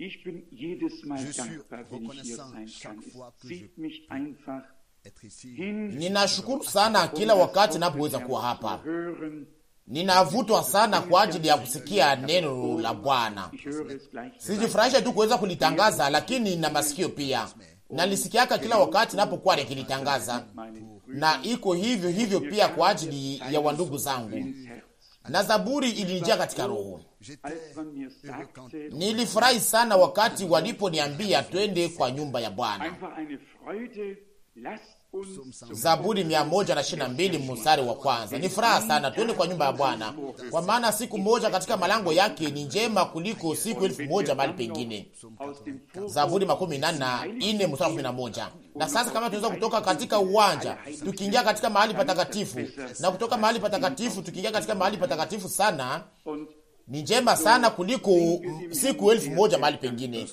Je suis reconnaissant chaque fois que je Ninashukuru sana kila wakati napoweza kuwa hapa. Ninavutwa sana kwa ajili ya kusikia neno la Bwana. Sijifurahisha tu kuweza kulitangaza, lakini na masikio pia nalisikiaka kila wakati napokuwa nikilitangaza, na iko hivyo hivyo pia kwa ajili ya wandugu zangu na Zaburi ilinijia katika roho. Nilifurahi sana wakati waliponiambia twende kwa nyumba ya Bwana. Zaburi mia moja na ishirini na mbili mstari wa kwanza. Ni furaha sana, tuende kwa nyumba ya Bwana, kwa maana siku moja katika malango yake ni njema kuliko siku elfu moja mahali pengine. Zaburi makumi nane na nne mstari wa kumi na moja. Na sasa kama tunaweza kutoka katika uwanja tukiingia katika mahali patakatifu, na kutoka mahali patakatifu tukiingia katika mahali patakatifu sana ni njema sana kuliko siku elfu moja mahali pengine.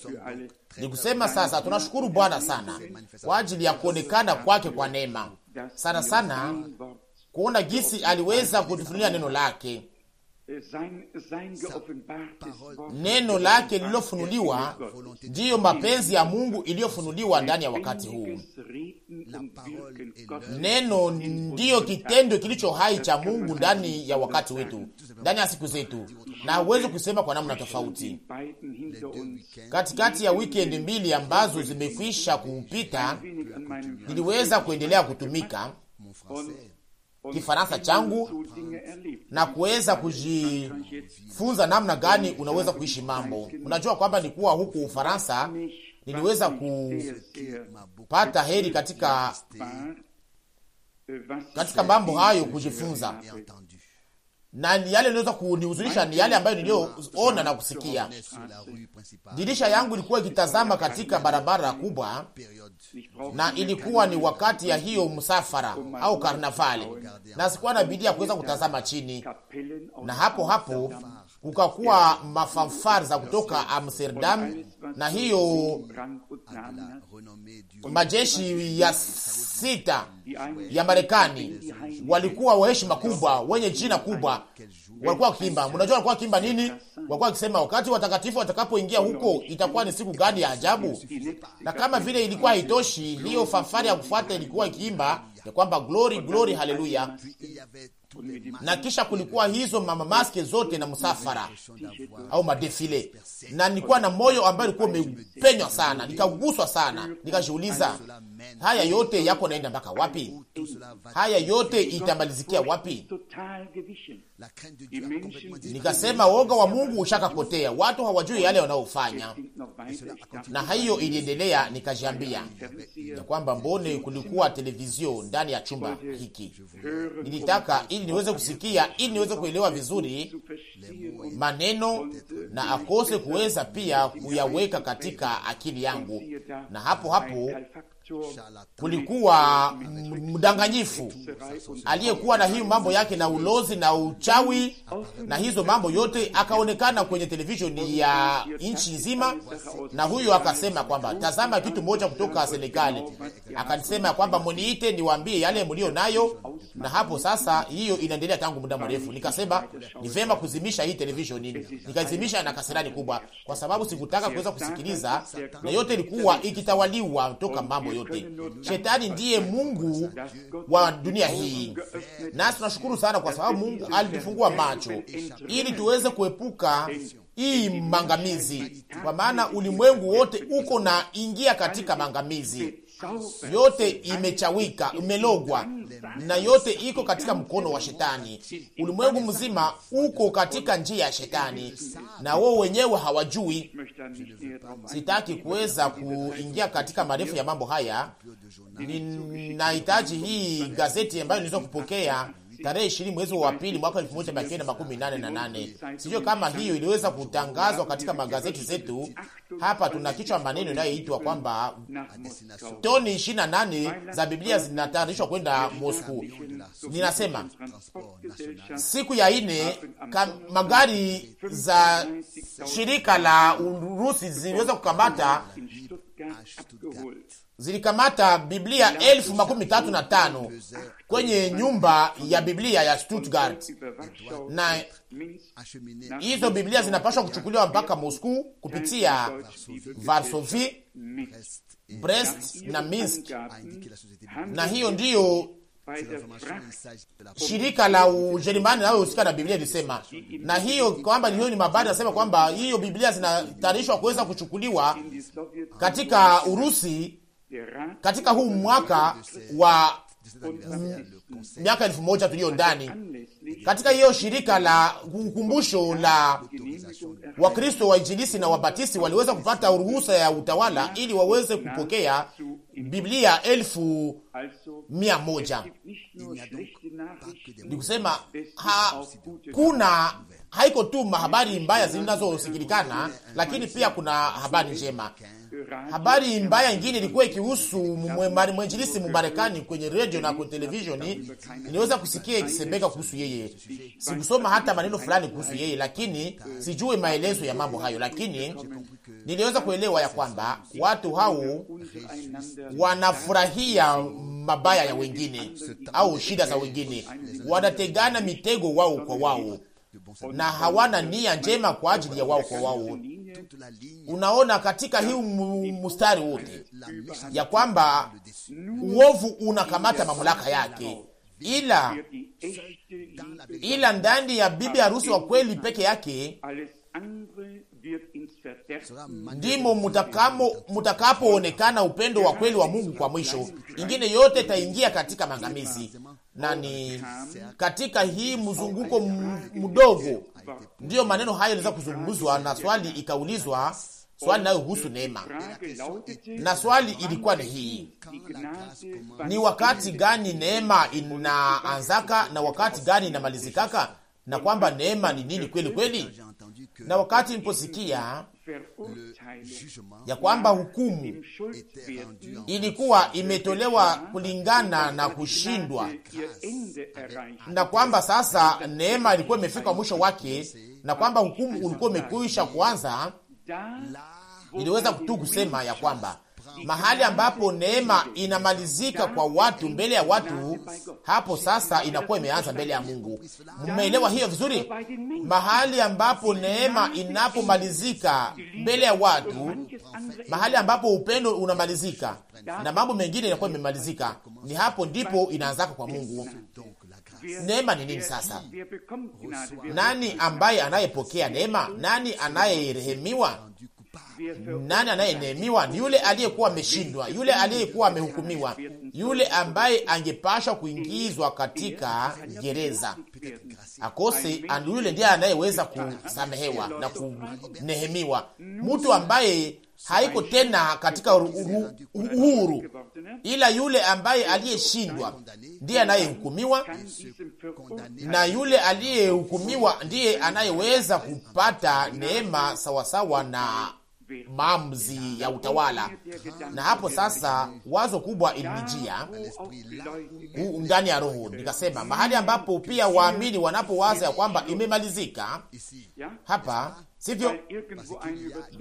Ni kusema sasa, tunashukuru Bwana sana kwa ajili ya kuonekana kwake kwa neema sana sana, kuona jinsi aliweza kutufunulia neno lake neno lake lililofunuliwa ndiyo mapenzi ya Mungu iliyofunuliwa ndani ya wakati huu. Neno ndiyo kitendo kilicho hai cha Mungu ndani ya wakati wetu, ndani ya siku zetu, na huwezi kusema kwa namna um tofauti. Katikati ya um wikendi mbili ambazo zimekwisha kupita, niliweza kuendelea kutumika Kifaransa changu na kuweza kujifunza namna gani unaweza kuishi mambo. Unajua kwamba nikuwa huku Ufaransa niliweza kupata heri katika katika mambo hayo kujifunza, na yale niliweza kunihuzunisha ni yale ambayo niliyoona na kusikia. Dirisha yangu ilikuwa ikitazama katika barabara kubwa na ilikuwa ni wakati ya hiyo msafara au karnavali, na sikuwa na bidii ya kuweza kutazama chini, na hapo hapo kukakuwa mafafari za kutoka Amsterdam, na hiyo majeshi ya sita ya Marekani walikuwa waheshima kubwa, wenye jina kubwa, walikuwa wakiimba. Mnajua walikuwa wakiimba nini? Walikuwa wakisema, wakati watakatifu watakapoingia huko itakuwa ni siku gani ya ajabu. Na kama vile ilikuwa haitoshi, hiyo fafari ya kufuata ilikuwa ikiimba ya kwamba glory glory, haleluya na kisha kulikuwa hizo mamamaske zote na msafara au madefile, na nilikuwa na moyo ambayo ulikuwa umepenywa sana, nikaguswa sana, nikajiuliza haya yote yako naenda mpaka wapi? Haya yote itamalizikia wapi? Nikasema woga wa Mungu ushakapotea, watu hawajui yale wanaofanya. Na hiyo iliendelea, nikajiambia ya kwamba mbone kulikuwa televizio ndani ya chumba hiki, nilitaka ili ili niweze kusikia, ili niweze kuelewa vizuri maneno na akose kuweza pia kuyaweka katika akili yangu, na hapo hapo kulikuwa mdanganyifu aliyekuwa na hiyo mambo yake na ulozi na uchawi na hizo mambo yote, akaonekana kwenye televisheni ya nchi nzima, na huyo akasema kwamba tazama kitu moja kutoka Senegali, akasema kwamba mweniite niwaambie yale mlio nayo, na hapo sasa hiyo inaendelea tangu muda mrefu. Nikasema ni vema kuzimisha hii televisheni, nikazimisha na kasirani kubwa, kwa sababu sikutaka kuweza kusikiliza na yote ilikuwa ikitawaliwa toka mambo yote. Shetani ndiye mungu wa dunia hii, nasi tunashukuru sana kwa sababu Mungu alitufungua macho ili tuweze kuepuka hii mangamizi, kwa maana ulimwengu wote uko na ingia katika mangamizi yote imechawika, imelogwa na yote iko katika mkono wa Shetani. Ulimwengu mzima uko katika njia ya Shetani na wao wenyewe hawajui. Sitaki kuweza kuingia katika marefu ya mambo haya. Ninahitaji hii gazeti ambayo niliweza kupokea tarehe ishirini mwezi wa pili mwaka elfu moja mia kenda makumi nane na nane. Sijui kama hiyo iliweza kutangazwa katika magazeti zetu. Hapa tuna kichwa maneno inayoitwa kwamba toni ishirini na nane za Biblia zinatayarishwa kwenda Mosku. Ninasema siku ya ine magari za shirika la Urusi ziliweza kukamata zilikamata Biblia elfu makumi tatu na tano kwenye nyumba ya Biblia ya Stuttgart, na hizo Biblia zinapaswa kuchukuliwa mpaka Moscow kupitia Varsovie, Brest na Minsk, na hiyo ndiyo shirika la Ujerumani nayohusika na Biblia ilisema, na hiyo kwamba hiyo ni mabadi, nasema kwamba hiyo Biblia zinatayarishwa kuweza kuchukuliwa katika Urusi katika huu mwaka wa miaka elfu moja tuliyo ndani katika hiyo shirika la ukumbusho la Wakristo Injilisi na Wabatisti waliweza kupata ruhusa ya utawala ili waweze kupokea Biblia elfu mia moja. kusema hakuna haiko tu habari mbaya zinazosikilikana, lakini pia kuna habari njema. Habari mbaya ingine ilikuwa ikihusu mwenjilisi Mumarekani kwenye redio na kwenye televisheni. Niliweza kusikia ikisemeka kuhusu yeye, sikusoma hata maneno fulani kuhusu yeye, lakini sijui maelezo ya mambo hayo, lakini niliweza kuelewa ya kwamba watu hao wanafurahia mabaya ya wengine au shida za wengine, wanategana mitego wao kwa wao na hawana nia njema kwa ajili ya wao kwa wao. Unaona katika hii mustari wote ya kwamba uovu unakamata mamlaka yake, ila ila ndani ya bibi harusi wa kweli peke yake ndimo mutakapoonekana upendo wa kweli wa Mungu kwa mwisho. Ingine yote itaingia katika mangamizi nani katika hii mzunguko mdogo, ndiyo maneno hayo yanaweza kuzungumzwa na swali ikaulizwa, swali inayohusu neema, na swali ilikuwa ni hii: ni wakati gani neema inaanzaka na wakati gani inamalizikaka, na kwamba neema ni nini kweli kweli? Na wakati mposikia ya kwamba hukumu ilikuwa imetolewa kulingana na kushindwa na kwamba sasa neema ilikuwa imefika mwisho wake, na kwamba hukumu ulikuwa umekwisha kuanza. Iliweza kutu kusema ya kwamba mahali ambapo neema inamalizika kwa watu mbele ya watu, hapo sasa inakuwa imeanza mbele ya Mungu. Mmeelewa hiyo vizuri? Mahali ambapo neema inapomalizika mbele ya watu, mahali ambapo upendo unamalizika na mambo mengine inakuwa imemalizika, ni hapo ndipo inaanzaka kwa Mungu. Neema ni nini sasa? Nani ambaye anayepokea neema? Nani anayerehemiwa? Nani anayenehemiwa Ni yule aliyekuwa ameshindwa, yule aliyekuwa amehukumiwa, yule ambaye angepashwa kuingizwa katika gereza akose, yule ndiye anayeweza kusamehewa na kunehemiwa, mtu ambaye haiko tena katika uhuru, ila yule ambaye aliyeshindwa ndiye anayehukumiwa, na yule aliyehukumiwa ndiye anayeweza kupata neema sawasawa na maamuzi ya utawala. Na hapo sasa wazo kubwa ilinijia ndani ya roho, nikasema mahali ambapo pia waamini wanapowaza ya kwamba imemalizika hapa sivyo?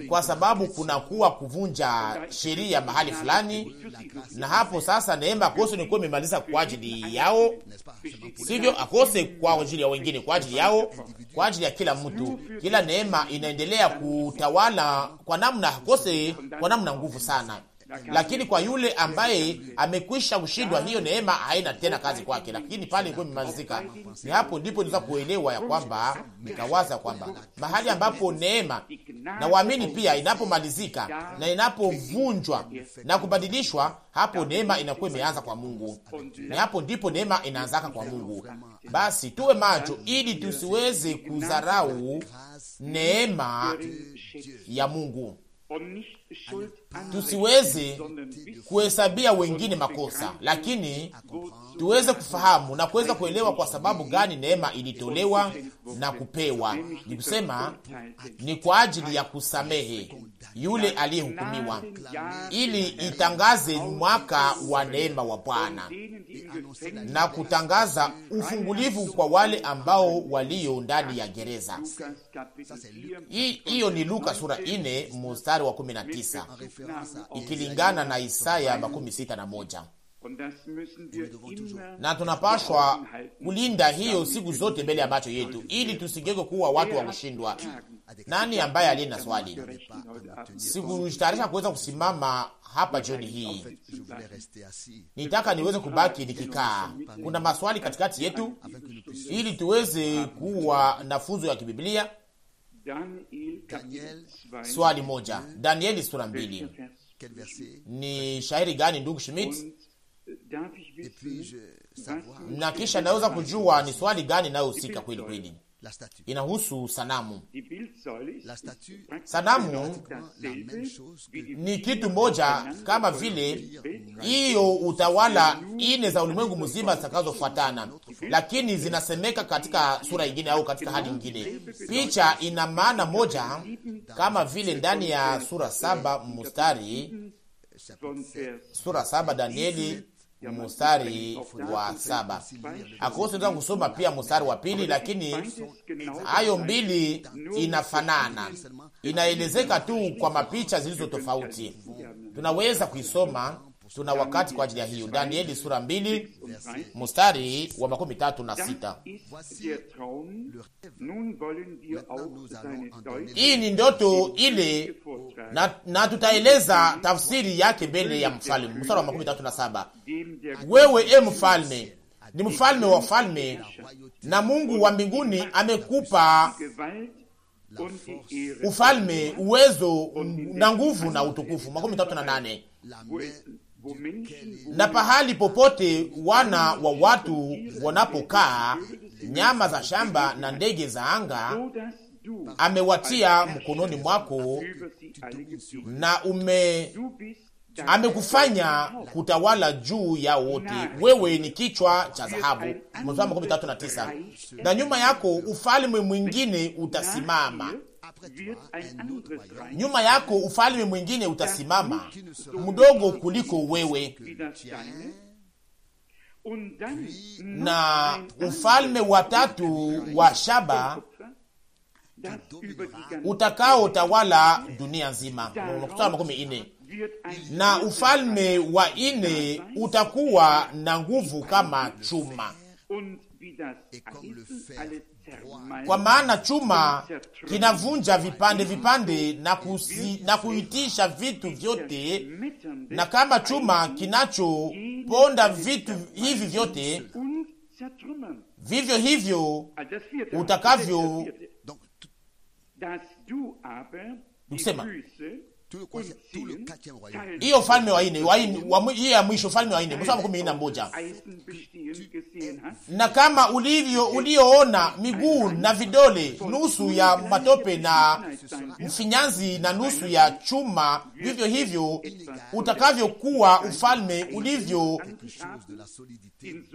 Kwa sababu kunakuwa kuvunja sheria mahali fulani, na hapo sasa neema akose nikuwa imemaliza kwa ajili yao, sivyo? Akose kwa ajili ya wengine, kwa ajili yao, kwa ajili ya kila mtu. Kila neema inaendelea kutawala kwa namna akose, kwa namna nguvu sana lakini kwa yule ambaye amekwisha kushindwa, hiyo neema haina tena kazi kwake, lakini pale ilikuwa imemalizika. Ni hapo ndipo niliweza kuelewa ya kwamba, nikawaza kwamba mahali ambapo neema na waamini pia inapomalizika na inapovunjwa na kubadilishwa, hapo neema inakuwa imeanza kwa Mungu, na hapo ndipo neema inaanzaka kwa Mungu. Basi tuwe macho ili tusiweze kudharau neema ya Mungu tusiweze kuhesabia wengine makosa, lakini tuweze kufahamu na kuweza kuelewa kwa sababu gani neema ilitolewa na kupewa. Ni kusema ni kwa ajili ya kusamehe yule aliyehukumiwa, ili itangaze mwaka wa neema wa Bwana na kutangaza ufungulivu kwa wale ambao walio ndani ya gereza. Hiyo ni Luka sura 4 mstari wa 19 tisa ikilingana na Isaya makumi sita na moja na tunapashwa kulinda hiyo siku zote mbele ya macho yetu, ili tusigeke kuwa watu wa kushindwa. Nani ambaye aliye na swali? Sikutayarisha kuweza kusimama hapa jioni hii, nitaka niweze kubaki nikikaa. Kuna maswali katikati yetu, ili tuweze ah, kuwa na funzo ya kibiblia Daniel, swali moja. Danieli sura mbili ni shahiri gani, ndugu Schmidt? Äh, Na kisha naweza kujua ni swali gani inayohusika kweli kweli inahusu sanamu. Sanamu ni kitu moja kama vile hiyo utawala ine za ulimwengu mzima zitakazofuatana, lakini zinasemeka katika sura ingine au katika hali ingine. Picha ina maana moja kama vile ndani ya sura saba mustari sura saba Danieli mustari wa saba. Akose ndaa kusoma pia mustari wa pili, lakini hayo mbili inafanana, inaelezeka tu kwa mapicha zilizo tofauti. Tunaweza kuisoma tuna wakati kwa ajili ya hiyo. Danieli sura mbili mstari wa makumi tatu na sita. Hii ni ndoto ile na, na tutaeleza tafsiri yake mbele ya mfalme. Mstari wa makumi tatu na saba, wewe e mfalme ni mfalme wa falme na Mungu wa mbinguni amekupa ufalme, uwezo na nguvu na utukufu. makumi tatu na nane na pahali popote wana wa watu wanapokaa, nyama za shamba na ndege za anga amewatia mkononi mwako, na ume amekufanya kutawala juu ya wote. Wewe ni kichwa cha dhahabu, na nyuma yako ufalme mwingine utasimama nyuma yako ufalme mwingine utasimama mdogo kuliko wewe, na ufalme wa tatu wa shaba utakao tawala dunia nzima. na ufalme wa ine utakuwa na nguvu kama chuma kwa maana chuma kinavunja vipande vipande na, kusi, na kuitisha vitu vyote, na kama chuma kinachoponda vitu hivi vyote, vivyo hivyo utakavyo kusema hiyo falme wa ine hiyo ya mwisho, falme wa ine mstari makumi na moja na kama ulivyo ulioona miguu na vidole nusu ya matope na mfinyanzi na nusu ya chuma, vivyo hivyo utakavyokuwa ufalme ulivyo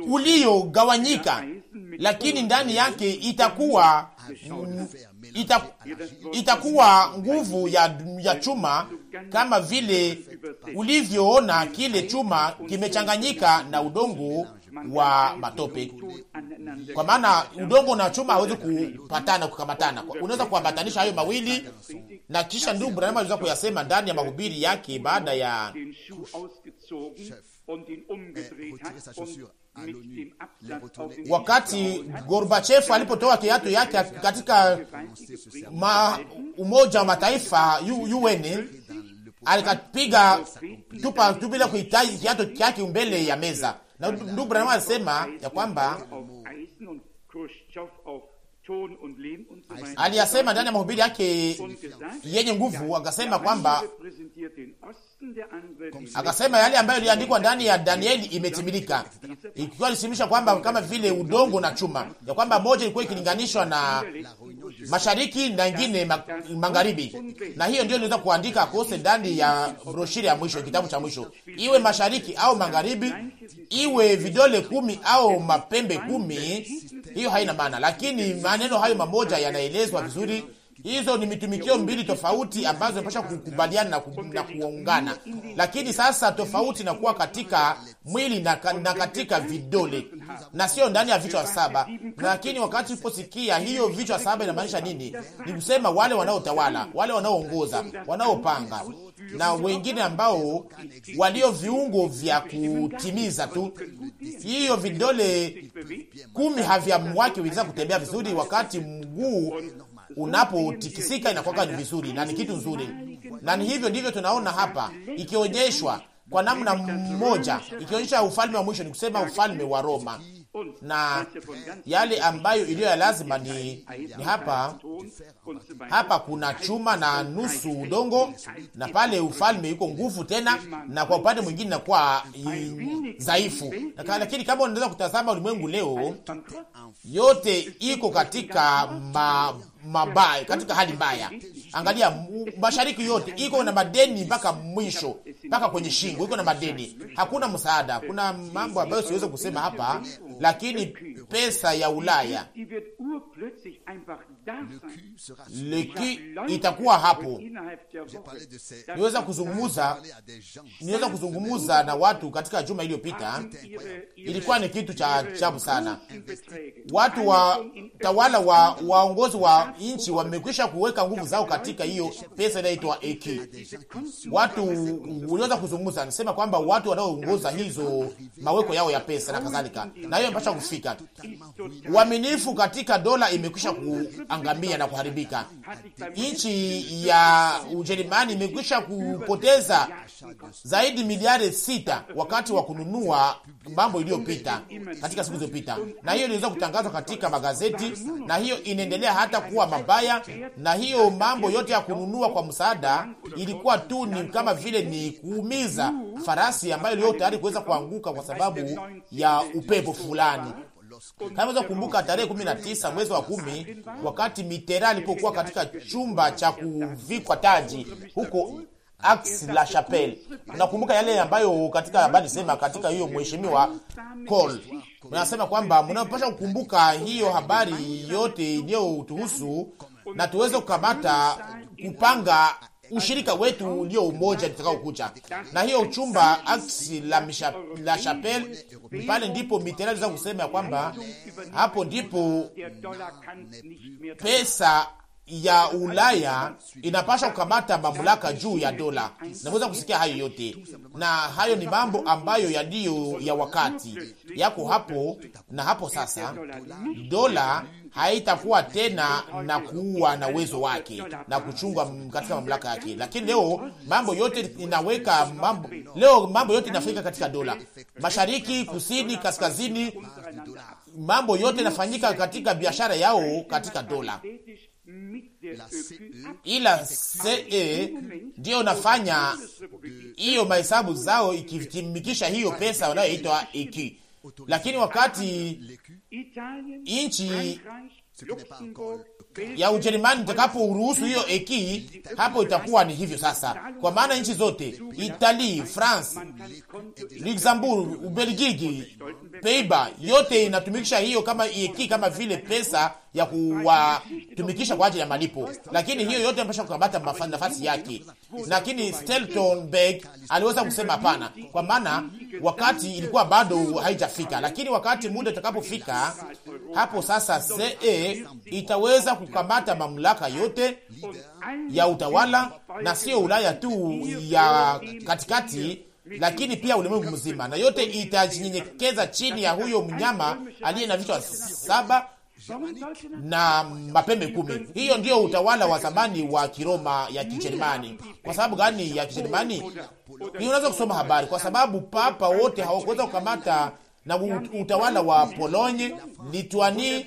uliogawanyika, lakini ndani yake itakuwa ita, itakuwa nguvu ya, ya chuma kama vile ulivyoona kile chuma kimechanganyika na udongo wa matope, kwa maana udongo na chuma hawezi kupatana kukamatana. Unaweza kuambatanisha hayo mawili, na kisha ndugu Branham aliweza kuyasema ndani ya mahubiri yake baada ya Wakati Gorbachev alipotoa kiatu yake katika ma Umoja wa Mataifa UN, alikapiga tupa tubila kuhitaji kiatu chake mbele ya meza, na ndugu Branham alisema ya kwamba aliyasema ndani ya mahubiri yake yenye nguvu, akasema kwamba akasema yale ambayo iliandikwa ndani ya Danieli imetimilika, ikiwa lisimisha kwamba kama vile udongo na chuma, ya kwamba moja ilikuwa ikilinganishwa na mashariki na ingine magharibi, na hiyo ndio iliweza kuandika kose ndani ya broshiri ya mwisho, kitabu cha mwisho, iwe mashariki au magharibi, iwe vidole kumi au mapembe kumi, hiyo haina maana, lakini maneno hayo mamoja yanaelezwa vizuri Hizo ni mitumikio mbili tofauti ambazo zinapasha kukubaliana na, kuungana, lakini sasa tofauti inakuwa katika mwili na, na katika vidole na sio ndani ya vichwa saba. Lakini wakati uliposikia hiyo vichwa saba inamaanisha nini? Ni kusema wale wanaotawala, wale wanaoongoza, wanaopanga na wengine ambao walio viungo vya kutimiza tu. Hiyo vidole kumi havyamwake weza kutembea vizuri, wakati mguu unapotikisika inakuwa ni vizuri na ni kitu nzuri, na ni hivyo ndivyo tunaona hapa ikionyeshwa kwa namna mmoja, ikionyesha ufalme wa mwisho, ni kusema ufalme wa Roma na yale ambayo iliyo ya lazima ni, ni hapa hapa kuna chuma na nusu udongo, na pale ufalme yuko nguvu tena, na kwa upande mwingine nakuwa dhaifu. Lakini kama unaweza kutazama ulimwengu leo, yote iko katika ma, mabaya, katika hali mbaya. Angalia mashariki yote iko na madeni mpaka mwisho, mpaka kwenye shingo iko na madeni, hakuna msaada. Kuna mambo ambayo siweze kusema hapa lakini pesa ya Ulaya leki itakuwa hapo. Niweza kuzungumuza, niweza kuzungumuza na watu katika juma iliyopita, ah, ilikuwa ni kitu cha ajabu sana. Watu wa tawala wa waongozi wa nchi wamekwisha kuweka nguvu zao katika hiyo pesa inaitwa eki. Watu uliweza kuzungumuza, nasema kwamba watu wanaoongoza hizo maweko yao ya pesa na kadhalika, na hiyo mpasha kufika uaminifu katika dola imekwisha kuangamia na kuharibika. Nchi ya Ujerumani imekwisha kupoteza zaidi miliari sita wakati wa kununua mambo iliyopita katika siku zilizopita, na hiyo iliweza kutangazwa katika magazeti, na hiyo inaendelea hata kuwa mabaya. Na hiyo mambo yote ya kununua kwa msaada ilikuwa tu ni kama vile ni kuumiza farasi ambayo iliyo tayari kuweza kuanguka kwa sababu ya upepo fulani. Kama kukumbuka tarehe tisa mwezi wa kumi, wakati mitera alipokuwa katika chumba cha kuvikwa taji huko ax la Chapelle. Unakumbuka yale ambayo katika habari sema katika hiyo mheshimiwa col Unasema kwamba mnapaswa kukumbuka hiyo habari yote iliyotuhusu na tuweze kukamata kupanga ushirika wetu ulio umoja tutakao kuja na hiyo chumba aksi la, misha, la chapel Pale ndipo mitera liza kusema ya kwamba hapo ndipo pesa ya Ulaya inapasha kukamata mamlaka juu ya dola. Naweza kusikia hayo yote, na hayo ni mambo ambayo yaliyo ya wakati yako hapo na hapo sasa, dola haitakuwa tena na kuwa na uwezo wake na kuchungwa katika mamlaka yake. Lakini leo mambo yote inaweka mambo, leo mambo yote inafanyika katika dola, mashariki, kusini, kaskazini, mambo yote inafanyika katika biashara yao katika dola ila CE ndiyo nafanya hiyo mahesabu zao ikitimikisha hiyo pesa wanayoitwa iki. Lakini wakati nchi ya Ujerumani uruhusu hiyo eki, hapo itakuwa ni hivyo sasa, kwa maana nchi zote itali France, Luxembourg, Ubelgiji, Peiba yote inatumikisha hiyo kama eki, kama vile pesa ya kuwatumikisha kwa ajili ya malipo, lakini hiyo yote ambasha kukamata nafasi yake. Lakini Steltenberg aliweza kusema hapana, kwa maana wakati ilikuwa bado haijafika, lakini wakati muda utakapofika hapo sasa CE e itaweza kukamata mamlaka yote ya utawala, na sio Ulaya tu ya katikati, lakini pia ulimwengu mzima, na yote itajinyenyekeza chini ya huyo mnyama aliye na vichwa saba na mapembe kumi. Hiyo ndiyo utawala wa zamani wa Kiroma ya Kijerumani. Kwa sababu gani ya Kijerumani? Ni unaweza kusoma habari, kwa sababu papa wote hawakuweza kukamata na utawala wa Polonye, Lituani,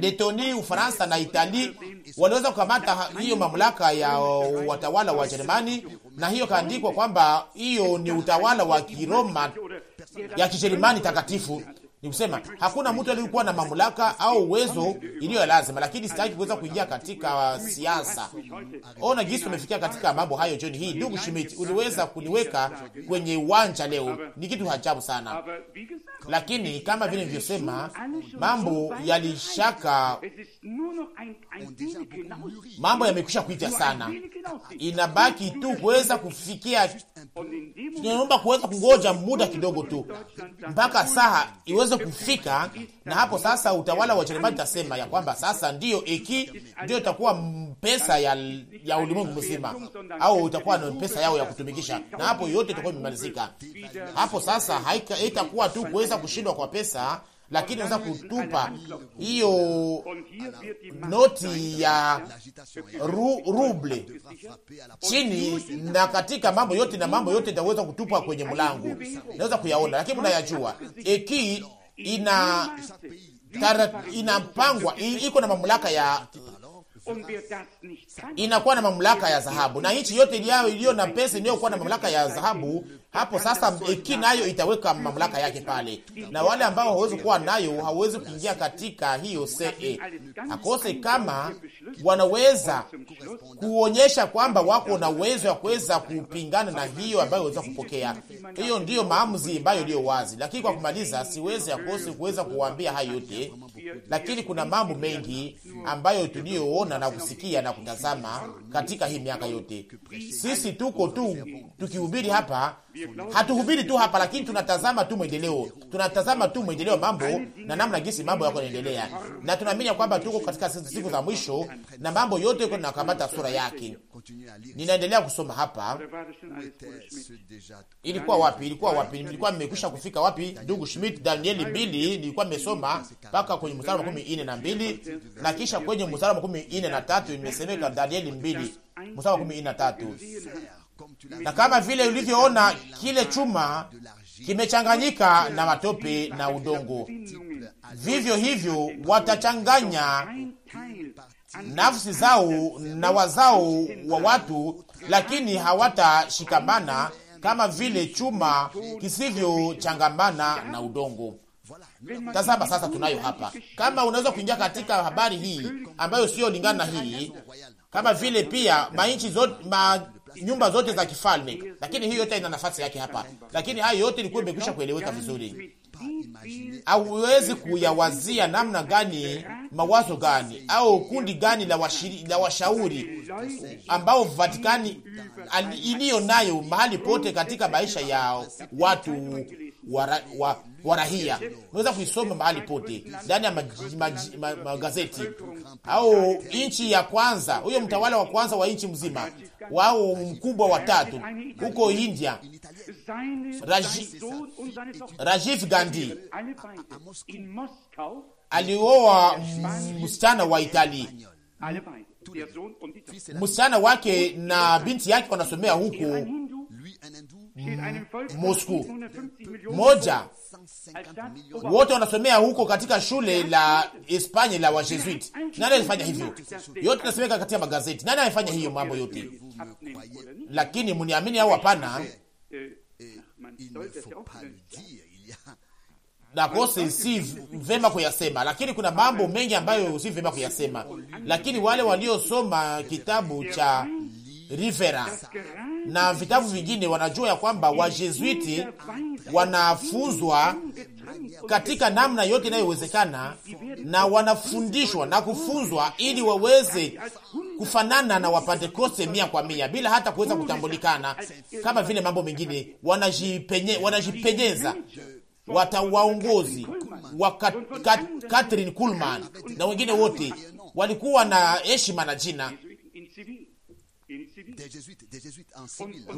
Letoni, Ufaransa na Itali waliweza kukamata hiyo mamlaka ya watawala wa Jerumani, na hiyo kaandikwa kwamba hiyo ni utawala wa Kiroma ya Kijerumani takatifu ni kusema hakuna mtu aliyekuwa na mamlaka au uwezo iliyo lazima, lakini sitaki kuweza kuingia katika siasa. Ona jinsi tumefikia katika mambo hayo jioni hii. Ndugu Schmidt, uliweza kuniweka kwenye uwanja leo, ni kitu hajabu sana lakini kama vile nilivyosema, mambo yalishaka, mambo yamekwisha kuita sana, inabaki tu kuweza kufikia, tunaomba kuweza kungoja muda kidogo tu mpaka saha iweze kufika na hapo sasa utawala wa Ujerumani utasema ya kwamba sasa ndiyo iki ndio itakuwa pesa ya, ya ulimwengu mzima, au itakuwa ni pesa yao ya kutumikisha, na hapo yote itakuwa imemalizika. Hapo sasa haitakuwa tu kuweza kushindwa kwa pesa, lakini naweza kutupa hiyo noti ya ru, ruble chini, na katika mambo yote na mambo yote itaweza kutupa kwenye mlango, naweza kuyaona, lakini mnayajua eki ina tara, iko na mamlaka ya inakuwa na mamlaka ya dhahabu, na nchi yote iliyo na pesa inayokuwa na mamlaka ya dhahabu hapo sasa Eki nayo itaweka mamlaka yake pale, na wale ambao hawezi kuwa nayo hawezi kuingia katika hiyo see akose, kama wanaweza kuonyesha kwamba wako na uwezo wa kuweza kupingana na hiyo ambayo waweza kupokea. Hiyo ndiyo maamuzi ambayo iliyo wazi, lakini kwa kumaliza, siwezi akose kuweza kuwambia hayo yote lakini kuna mambo mengi ambayo tuliyoona na kusikia na kutazama katika hii miaka yote. Sisi tuko tu tukihubiri hapa, hatuhubiri tu hapa, lakini tunatazama tu mwendeleo, tunatazama tu mwendeleo mambo na namna gisi mambo yako yanaendelea, na tunaamini kwamba tuko katika siku za mwisho na mambo yote iko nakamata sura yake. Ninaendelea kusoma hapa. Ilikuwa wapi? Ilikuwa wapi? Nilikuwa nimekwisha kufika wapi, ndugu Schmidt? Danieli mbili nilikuwa nimesoma mpaka kwenye mstari wa makumi ine na mbili na kisha kwenye mstari wa makumi ine na tatu imesemeka Danieli mbili mstari wa makumi ine na tatu na kama vile ulivyoona kile chuma kimechanganyika na matope na udongo, vivyo hivyo watachanganya nafsi zao na wazao wa watu, lakini hawatashikamana kama vile chuma kisivyochangamana na udongo. Tazama sasa, tunayo hapa. Kama unaweza kuingia katika habari hii ambayo sio lingana na hii, kama vile pia manchi zote ma nyumba zote za kifalme, lakini hii yote ina nafasi yake hapa, lakini hayo yote ilikuwa imekwisha kueleweka vizuri. Hauwezi kuyawazia namna gani, mawazo gani au kundi gani la, washiri, la washauri ambao Vatikani iliyo nayo mahali pote katika maisha ya watu wa, warahia. Unaweza kuisoma mahali pote ndani ya magazeti au nchi ya kwanza, huyo mtawala wa kwanza wa nchi mzima wao mkubwa wa tatu huko India, Rajiv Gandhi alioa msichana wa itali msichana wake na binti yake wanasomea huko Mm, Moscow moja wote wanasomea huko katika shule la Hispania la Wajesuit. Nani alifanya hivyo? Yote nasemeka katika magazeti. Nani alifanya hiyo mambo yote? Lakini mniamini au hapana, nakose si vema kuyasema, lakini kuna mambo mengi ambayo si vema kuyasema, lakini wale waliosoma kitabu cha Rivera na vitabu vingine wanajua ya kwamba Wajesuiti wanafunzwa katika namna yote inayowezekana na wanafundishwa na kufunzwa ili waweze kufanana na Wapentekoste mia kwa mia bila hata kuweza kutambulikana kama vile mambo mengine. Wanajipenye, wanajipenyeza watawaongozi wa Kat, Kat, na wengine wote walikuwa na heshima na jina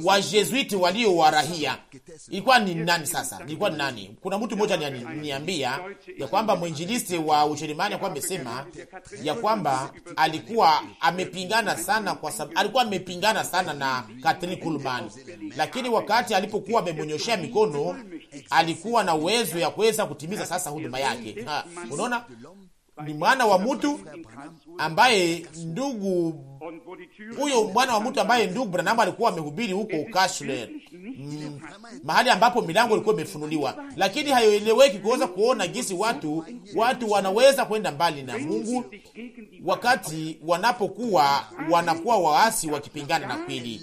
Wajesuiti walio warahia ilikuwa ni nani? Sasa ilikuwa ni nani? Kuna mtu mmoja niambia ya kwamba mwinjilisti wa Ujerumani alikuwa amesema ya kwamba alikuwa amepingana sana kwa sababu alikuwa amepingana sana na Katrin kulman lakini wakati alipokuwa amemonyoshea mikono alikuwa na uwezo ya kuweza kutimiza sasa huduma yake. Unaona, ni mwana wa mtu ambaye ndugu huyo mwana wa mtu ambaye ndugu Branamu alikuwa amehubiri huko Kashler, mm, mahali ambapo milango ilikuwa imefunuliwa, lakini hayoeleweki kuweza kuona jinsi watu watu wanaweza kwenda mbali na Mungu wakati wanapokuwa wanakuwa waasi wakipingana na kweli.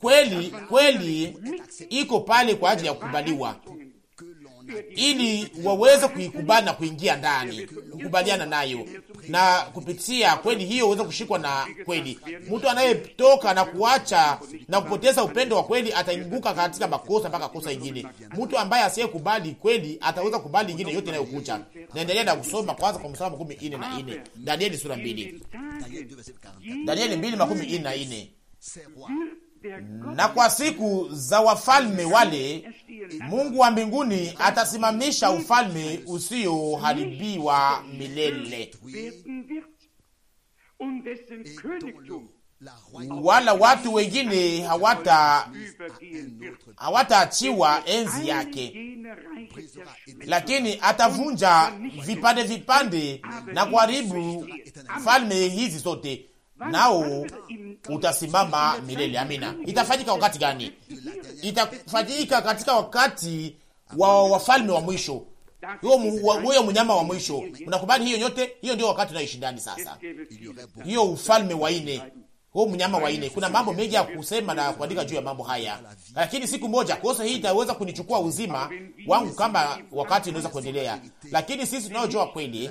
Kweli kweli iko pale kwa ajili ya kukubaliwa ili waweze kuikubali na kuingia ndani, kukubaliana nayo, na kupitia kweli hiyo waweze kushikwa na kweli. Mtu anayetoka na kuacha na kupoteza upendo wa kweli atainguka katika makosa mpaka kosa ingine. Mtu ambaye asiyekubali kweli ataweza kubali ingine yote inayokuja. Naendelea na kusoma kwanza kwa mstari makumi ine na ine Danieli sura mbili Danieli mbili makumi ine na ine na kwa siku za wafalme wale Mungu wa mbinguni atasimamisha ufalme usioharibiwa milele, wala watu wengine hawata hawataachiwa enzi yake, lakini atavunja vipande vipande na kuharibu falme hizi zote nao utasimama milele. Amina. Itafanyika wakati gani? Itafanyika katika wakati wa wafalme wa mwisho, huyo mnyama wa mwisho. Unakubali hiyo nyote? Hiyo ndio wakati unaishi ndani sasa, hiyo ufalme wa ine huo mnyama wa ine. Kuna mambo mengi ya kusema na kuandika juu ya mambo haya, lakini siku moja kosa hii itaweza kunichukua uzima wangu, kama wakati unaweza kuendelea. Lakini sisi tunaojua kweli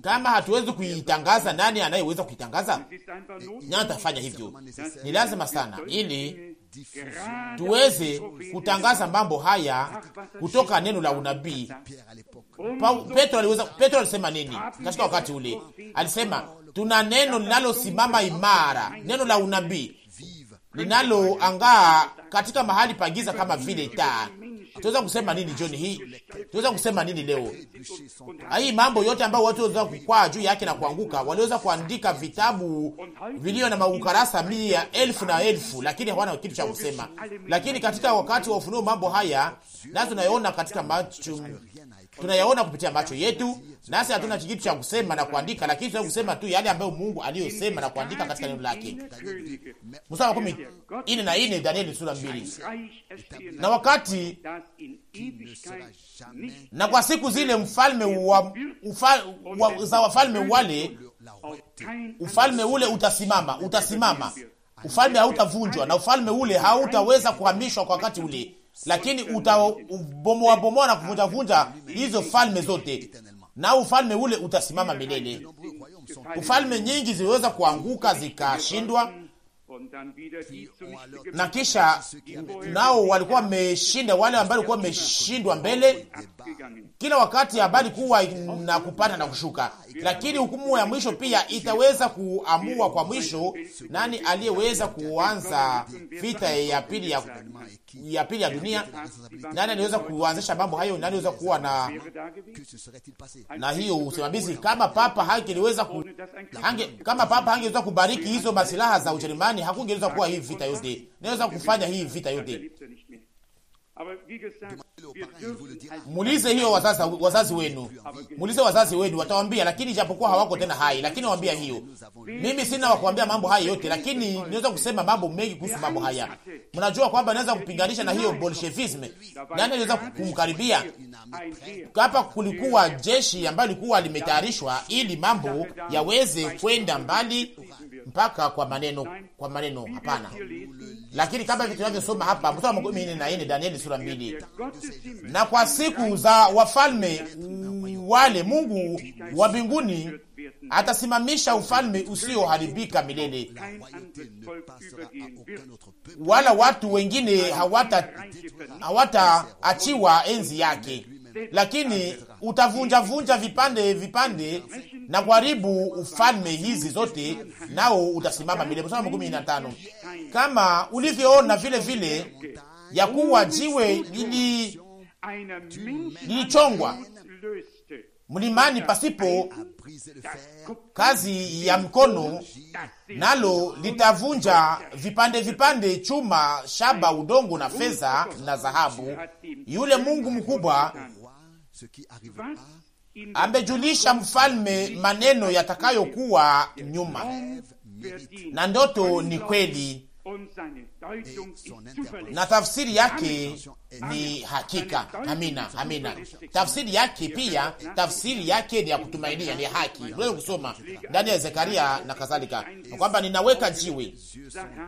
kama hatuwezi kuitangaza, nani anayeweza kuitangaza? Nani atafanya hivyo? Ni lazima sana ili tuweze kutangaza mambo haya kutoka neno la unabii. Petro aliweza, Petro alisema nini katika wakati ule? Alisema tuna neno linalosimama imara, neno la unabii linaloangaa katika mahali pagiza kama vile taa Tunaweza kusema nini jioni hii? Tunaweza kusema nini leo? Hii mambo yote ambayo watu waliweza kukwaa juu yake na kuanguka, waliweza kuandika vitabu vilio na maukarasa mia elfu na elfu, lakini hawana kitu cha kusema. Lakini katika wakati wa ufunuo mambo haya nazo tunayoona katika macho tunayaona kupitia macho yetu, nasi hatuna kitu cha kusema na kuandika, lakini tunaweza kusema tu yale ambayo Mungu aliyosema na kuandika katika neno lake. Mstari wa kumi ine na ine, Danieli sura mbili. Na wakati na kwa siku zile mfalme wa, ufa, wa, za wafalme wale, ufalme ule utasimama, utasimama, ufalme hautavunjwa na ufalme ule hautaweza kuhamishwa kwa wakati ule lakini utabomoabomoa na kuvunjavunja hizo falme zote, na ufalme ule utasimama milele. Ufalme nyingi ziliweza kuanguka zikashindwa, na kisha nao walikuwa wameshinda, wale ambao walikuwa wameshindwa mbele kila wakati habari kuwa na kupanda na kushuka, lakini hukumu ya mwisho pia itaweza kuamua kwa mwisho nani aliyeweza kuanza vita ya pili ya, ya pili ya dunia, nani aliweza kuanzisha mambo hayo, nani aliweza kuwa na na hiyo usimamizi. Kama papa hangeliweza ku, hange, kama papa hangeweza kubariki hizo masilaha za Ujerumani, hakungeweza kuwa hii vita yote, naweza kufanya hii vita yote Muulize hiyo wazazi, wazazi wenu, muulize wazazi wenu, watawambia. Lakini japokuwa hawako tena hai, lakini wambia hiyo, mimi sina wa kuambia mambo haya yote, lakini niweza kusema mambo mengi kuhusu mambo haya. Mnajua kwamba naweza kupinganisha na hiyo bolshevisme. Nani anaweza kumkaribia? Hapa kulikuwa jeshi ambayo lilikuwa limetayarishwa ili mambo yaweze kwenda mbali mpaka kwa maneno kwa maneno hapana. Lakini kama vitu tunavyosoma hapa, mstari wa makumi nne na nne Danieli sura mbili na kwa siku za wafalme wale Mungu wa mbinguni atasimamisha ufalme usioharibika milele, wala watu wengine hawataachiwa hawata enzi yake, lakini utavunjavunja vipande vipande na kuharibu ufalme hizi zote, nao utasimama milele. Mstari makumi na tano, kama ulivyoona vile vile ya kuwa jiwe lili lilichongwa mlimani pasipo kazi ya mkono, nalo litavunja vipande vipande chuma, shaba, udongo na fedha na dhahabu. Yule Mungu mkubwa amejulisha mfalme maneno yatakayokuwa nyuma, na ndoto ni kweli na tafsiri yake ni hakika. Amina, amina. Tafsiri yake pia, tafsiri yake ni ya kutumainia, ni haki. Unaweza kusoma ndani ya Zekaria na kadhalika kwamba ninaweka jiwe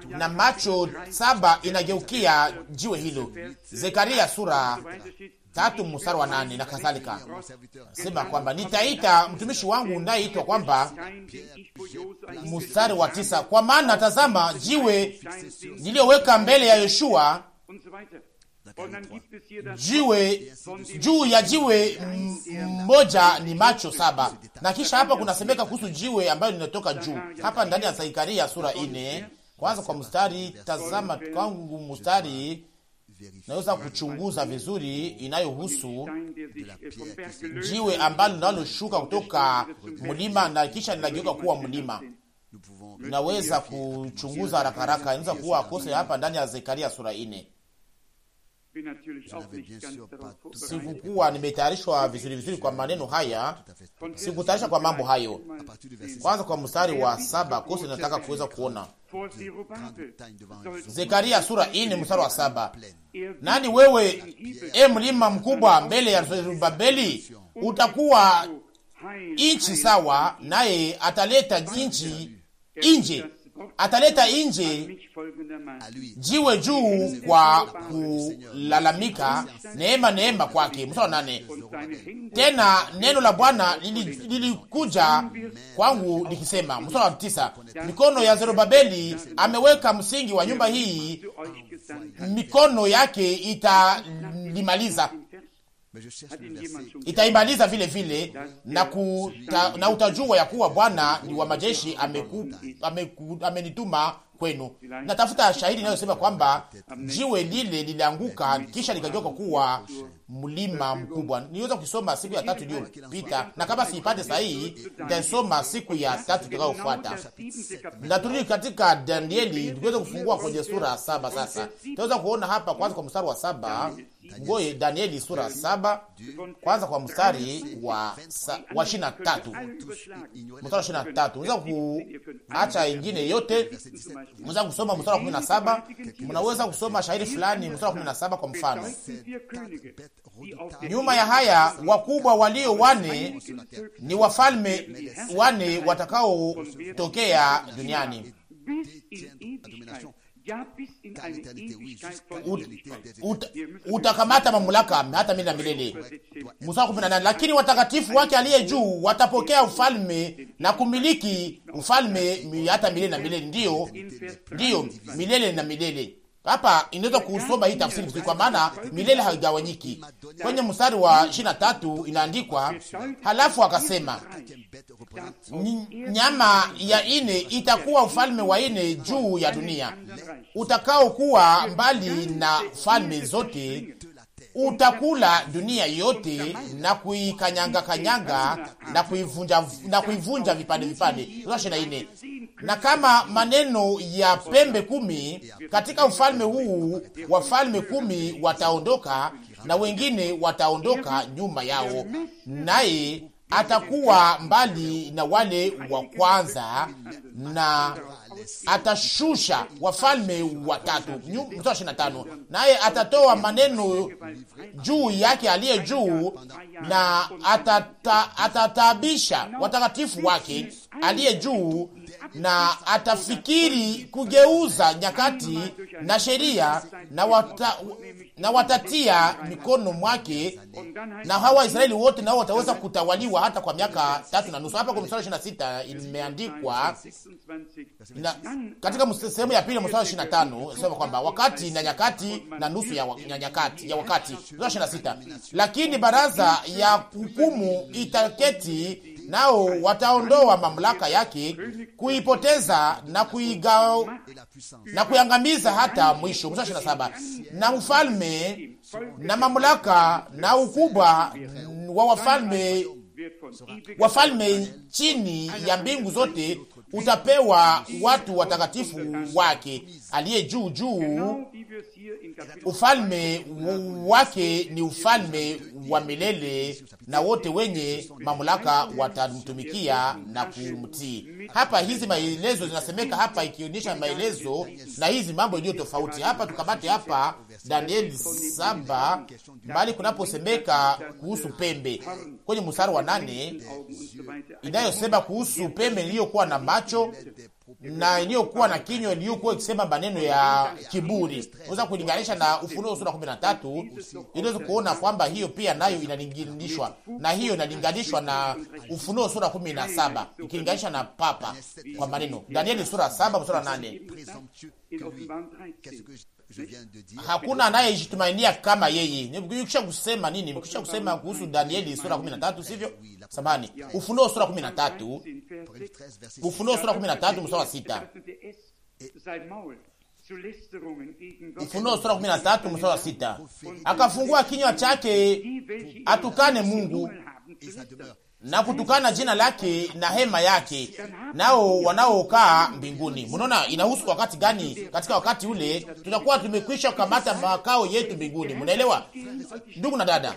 na macho saba inageukia jiwe hilo, Zekaria sura tatu mstari wa nane na kadhalika, sema kwamba nitaita mtumishi wangu nayeitwa kwamba, mstari wa tisa, kwa maana tazama jiwe niliyoweka mbele ya Yoshua jiwe juu ya jiwe mmoja ni macho saba. Na kisha hapa kunasemeka kuhusu jiwe ambayo linatoka juu hapa ndani ya Zekaria sura ine kwanza kwa mstari, tazama kwangu mstari naweza kuchunguza vizuri inayohusu jiwe ambalo linaloshuka kutoka mlima na kisha linageuka kuwa mlima. Naweza kuchunguza haraka haraka, inaweza kuwa kose hapa ndani ya Zekaria sura ine Sikukuwa nimetayarishwa vizuri vizuri kwa maneno haya, sikutayarishwa kwa mambo hayo. Kwanza kwa mstari wa saba kose nataka kuweza kuona Zekaria sura ine mstari wa saba nani wewe, e mlima mkubwa, mbele ya Zerubabeli utakuwa inchi sawa, naye ataleta inchi inje ataleta nje jiwe juu kwa kulalamika, neema neema kwake. Mstari nane, tena neno la Bwana lilikuja lili kwangu likisema. Mstari wa tisa, mikono ya Zerubabeli ameweka msingi wa nyumba hii, mikono yake italimaliza itaimaliza vile vile na, ta, na utajua ya kuwa Bwana ni wa majeshi amenituma kwenu. Natafuta shahidi inayosema kwamba jiwe lile lilianguka kisha likageuka kuwa mlima mkubwa. Niliweza kusoma siku ya tatu iliyopita, na kama siipate sahihi nitasoma siku ya tatu itakayofuata. Naturudi katika Danieli, tukiweza kufungua kwenye sura saba. Sasa tunaweza kuona hapa kwanza kwa mstari wa saba ngoye Danieli sura saba kwanza kwa mstari wa wa ishirini na tatu mstari wa ishirini na tatu Unaweza kuacha ingine yote, unaweza kusoma mstari wa kumi na saba Mnaweza kusoma shairi fulani mstari wa kumi na saba kwa mfano, nyuma ya haya wakubwa walio wane ni wafalme wane watakaotokea duniani utakamata mamlaka hata milele na milele. Musa kumi na nane. Lakini watakatifu wake aliye juu watapokea ufalme na kumiliki ufalme hata milele na milele, ndio, ndio milele na milele. Hapa inaweza kusoma hii tafsiri vizuri, kwa maana milele haigawanyiki. Kwenye mstari wa ishirini na tatu inaandikwa, halafu akasema nyama ya ine itakuwa ufalme wa ine juu ya dunia utakaokuwa mbali na falme zote utakula dunia yote na kuikanyanga kanyanga na kuivunja na kuivunja vipande vipande. Ishirini na nne. Na kama maneno ya pembe kumi katika ufalme huu, wafalme kumi wataondoka na wengine wataondoka nyuma yao, naye atakuwa mbali na wale wa kwanza na atashusha wafalme watatu. Ishirini na tano. Naye atatoa maneno juu yake aliye juu, na atataabisha watakatifu wake aliye juu na atafikiri kugeuza nyakati na sheria na, wata, na watatia mikono mwake na hawa Israeli wote nao wataweza kutawaliwa hata kwa miaka tatu na nusu. Hapa kwa mstari ishirini na sita imeandikwa na, katika sehemu ya pili mstari ishirini na tano sema kwamba wakati na nyakati na nusu ya, wa, nyakati ya wakati mstari ishirini na sita lakini baraza ya hukumu itaketi nao wataondoa mamlaka yake, kuipoteza na kuiga na kuiangamiza hata mwisho. Mstari ishirini saba na ufalme na mamlaka na ukubwa wa wafalme wafalme chini ya mbingu zote utapewa watu watakatifu wake aliye juu juu. Ufalme wake ni ufalme wa milele, na wote wenye mamlaka watamtumikia na kumtii. Hapa hizi maelezo zinasemeka hapa, ikionyesha maelezo na hizi mambo iliyo tofauti hapa. Tukabate hapa Danieli saba mbali kunaposemeka kuhusu pembe kwenye mstari wa nane inayosema kuhusu pembe iliyokuwa na macho na iliyokuwa na kinywa iliyokuwa ikisema maneno ya kiburi. Unaweza kulinganisha na Ufunuo sura tatu iliweza kuona kwamba hiyo pia nayo inalinganishwa na hiyo inalinganishwa na Ufunuo sura saba ikilinganisha na papa kwa maneno. Danieli sura saba sura nane hakuna anayejitumainia kama yeye. Nimekwisha kusema nini? Nimekwisha kusema kuhusu Danieli sura tatu sivyo? samani, Ufunuo sura 13, Ufunuo sura 13 mstari wa 6, eh. Ufunuo sura 13 mstari wa 6, akafungua kinywa chake atukane Mungu na kutukana jina lake na hema yake, nao wanaokaa mbinguni. Mnaona inahusu wakati gani? Katika wakati ule tutakuwa tumekwisha kukamata makao yetu mbinguni. Mnaelewa ndugu na dada?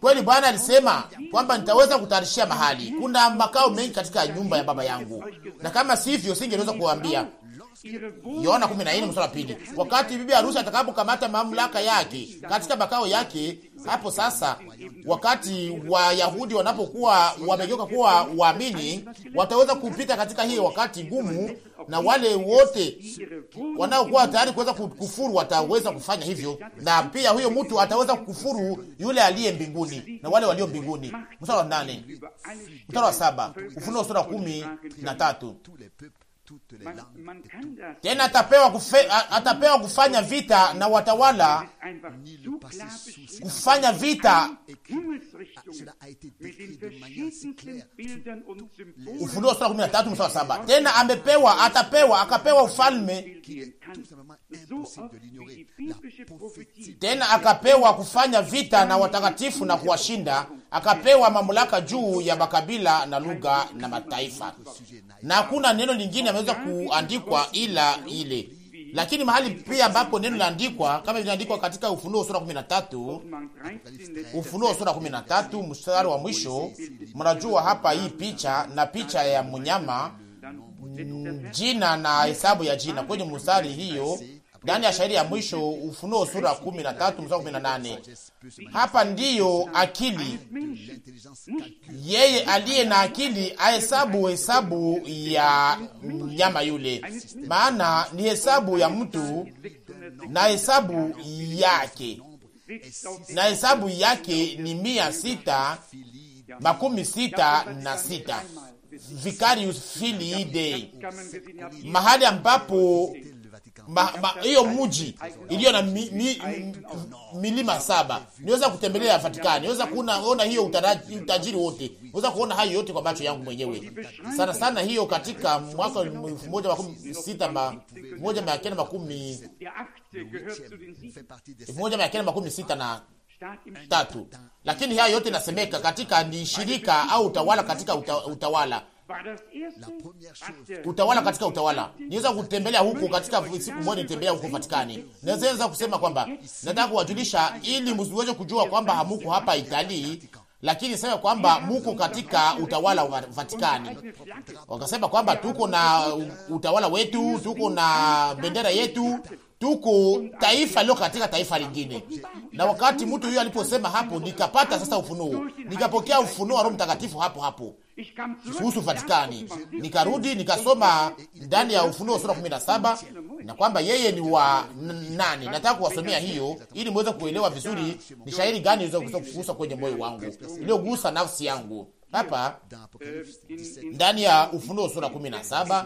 Kweli Bwana alisema kwamba nitaweza kutayarishia mahali. Kuna makao mengi katika nyumba ya Baba yangu, na kama sivyo singeweza kuwambia Yohana 14 mstari wa pili. Wakati bibi harusi atakapokamata mamlaka yake katika makao yake, hapo sasa, wakati Wayahudi wanapokuwa wamegeuka kuwa waamini, wataweza kupita katika hiyo wakati gumu, na wale wote wanaokuwa tayari kuweza kufuru wataweza kufanya hivyo, na pia huyo mtu ataweza kufuru yule aliye mbinguni na wale walio mbinguni. Mstari wa nane, mstari wa saba, Ufunuo sura kumi na tatu tena atapewa, kufe, atapewa kufanya vita na watawala kufanya vita. Ah, Ufunuo sura kumi na tatu mstari wa saba. Tena amepewa atapewa akapewa ufalme tena akapewa kufanya vita na watakatifu na kuwashinda, akapewa mamlaka juu ya makabila na lugha na mataifa, na hakuna neno lingine inaweza kuandikwa ila ile, lakini mahali pia ambapo neno laandikwa kama vinaandikwa katika Ufunuo sura 13, Ufunuo sura 13 mstari wa mwisho, mnajua hapa hii picha na picha ya mnyama mm, jina na hesabu ya jina kwenye mstari hiyo ndani ya shairi ya mwisho Ufunuo sura 13 mstari 18. Hapa ndiyo akili, yeye aliye na akili ahesabu hesabu ya mnyama yule, maana ni hesabu ya mtu na hesabu yake na hesabu yake ni mia sita makumi sita na sita Vicarius Filii Dei, mahali ambapo hiyo mji iliyo na mi, mi, mi, milima saba. Niweza kutembelea Vatikani, niweza kuona hiyo utajiri wote, niweza kuona hayo yote kwa macho yangu mwenyewe, sana sana hiyo katika mwaka elfu moja makumi sita moja mia kenda makumi elfu moja mia kenda makumi sita na tatu, lakini hayo yote inasemeka katika ni shirika au utawala katika uta, utawala utawala katika utawala. Niweza kutembelea huku katika siku moja, nitembelea huko Vatikani, naweza kusema kwamba nataka kuwajulisha ili msiweze kujua kwamba hamuko hapa Italii, lakini sema kwamba muko katika utawala wa Vatikani. Wakasema kwamba tuko na utawala wetu, tuko na bendera yetu, tuko taifa lio katika taifa lingine. Na wakati mtu huyo aliposema hapo, nikapata sasa ufunuo, nikapokea ufunuo wa Roho Mtakatifu hapo hapo kuhusu Vatikani. Nikarudi nikasoma ndani ya Ufunuo sura 17 na kwamba yeye ni wa nani. Nataka kuwasomea hiyo ili muweze kuelewa vizuri ni shairi gani iliweza kugusa kwenye moyo wangu, iliyogusa nafsi yangu hapa ndani ya Ufunuo sura 17